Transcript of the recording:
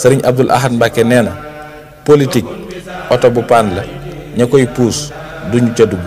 sëriñ Abdul Ahad Mbacke nee na politique oto bu paan la ña koy puus duñ ca dugg